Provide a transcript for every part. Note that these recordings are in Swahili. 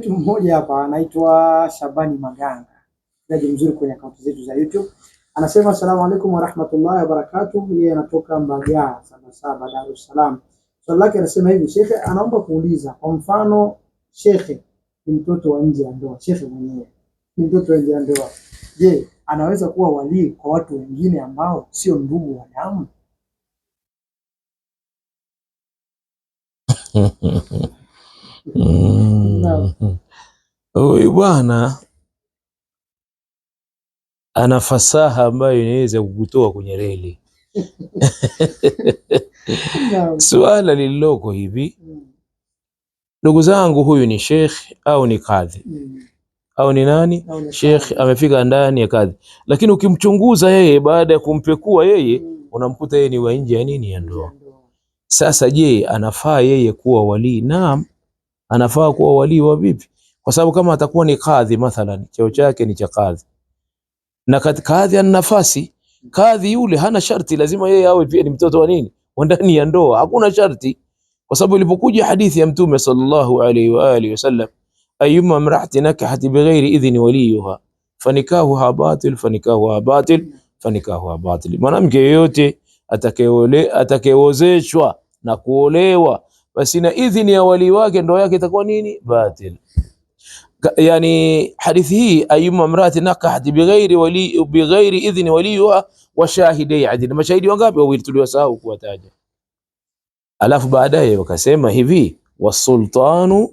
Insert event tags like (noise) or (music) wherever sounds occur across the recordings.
Mtu mmoja hapa anaitwa Shabani Maganga, mchezaji mzuri kwenye akaunti zetu za YouTube. Anasema asalamu rahmatullahi warahmatullahi barakatuh. Yeye anatoka Mbagaa Sabasaba, Dar es Salaam. Swali lake anasema hivi, shekhe, anaomba kuuliza kwa mfano, shekhe ni mtoto wa nje ya ndoa, shekhe mwenyewe ni mtoto wa nje ya ndoa, je, anaweza kuwa walii kwa watu wengine ambao sio ndugu wa damu? (laughs) Huyu bwana ana fasaha ambayo inaweza kukutoa kwenye reli. (laughs) Suala lililoko hivi, mm. ndugu zangu, huyu ni sheikh au ni kadhi mm. au ni nani? Sheikh amefika ndani ya kadhi, lakini ukimchunguza yeye baada ya kumpekua yeye, mm. unamkuta yeye ni wa nje ya nini, ya ndoa. Sasa je, anafaa yeye kuwa walii? Naam anafaa kuwa wali wa vipi? Kwa sababu kama atakuwa ni kadhi mathalan, cheo chake ni cha kadhi, na kadhi ana nafasi. Kadhi yule hana sharti lazima yeye awe pia ni mtoto wa nini, wa ndani ya ndoa, hakuna sharti, kwa sababu ilipokuja hadithi ya Mtume sallallahu alaihi wa alihi wasallam, ayyuma mraati nakahat bighairi idhni waliyha fanikahuha batil fanikahuha batil fanikahuha batil, mwanamke yeyote atakayeozeshwa na kuolewa basi na idhini ya wali wake ndoa yake itakuwa nini? Batil. Yani hadithi hii ayuma mrati nakahat bighairi wali bighairi idhni waliha wa shahidai adil, mashahidi wangapi? Wawili, tuliwasahau kuwataja. Alafu baadaye wakasema hivi wasultanu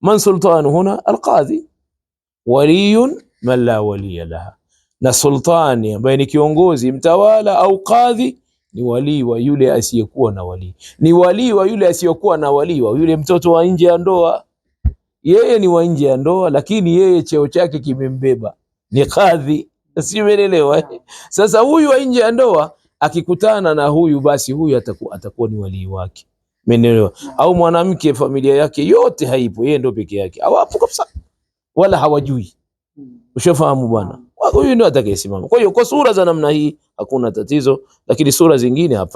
man sultanu huna alqadhi waliyun man la waliya laha, na sultani ambaye ni kiongozi mtawala au qadhi ni walii wa yule asiyekuwa na walii, ni walii wa yule asiyokuwa na walii, wa yule mtoto wa nje ya ndoa. Yeye ni wa nje ya ndoa, lakini yeye cheo chake kimembeba, ni kadhi. Simelelewa eh? Sasa huyu wa nje ya ndoa akikutana na huyu, basi huyu ataku, atakuwa ni walii wake, Menelewa. Au mwanamke familia yake yote haipo, yeye ndo peke yake, awapo kabisa, wala hawajui. Hmm. Ushafahamu bwana? huyu ndio atakayesimama. Kwa hiyo kwa sura za namna hii hakuna tatizo, lakini sura zingine hapa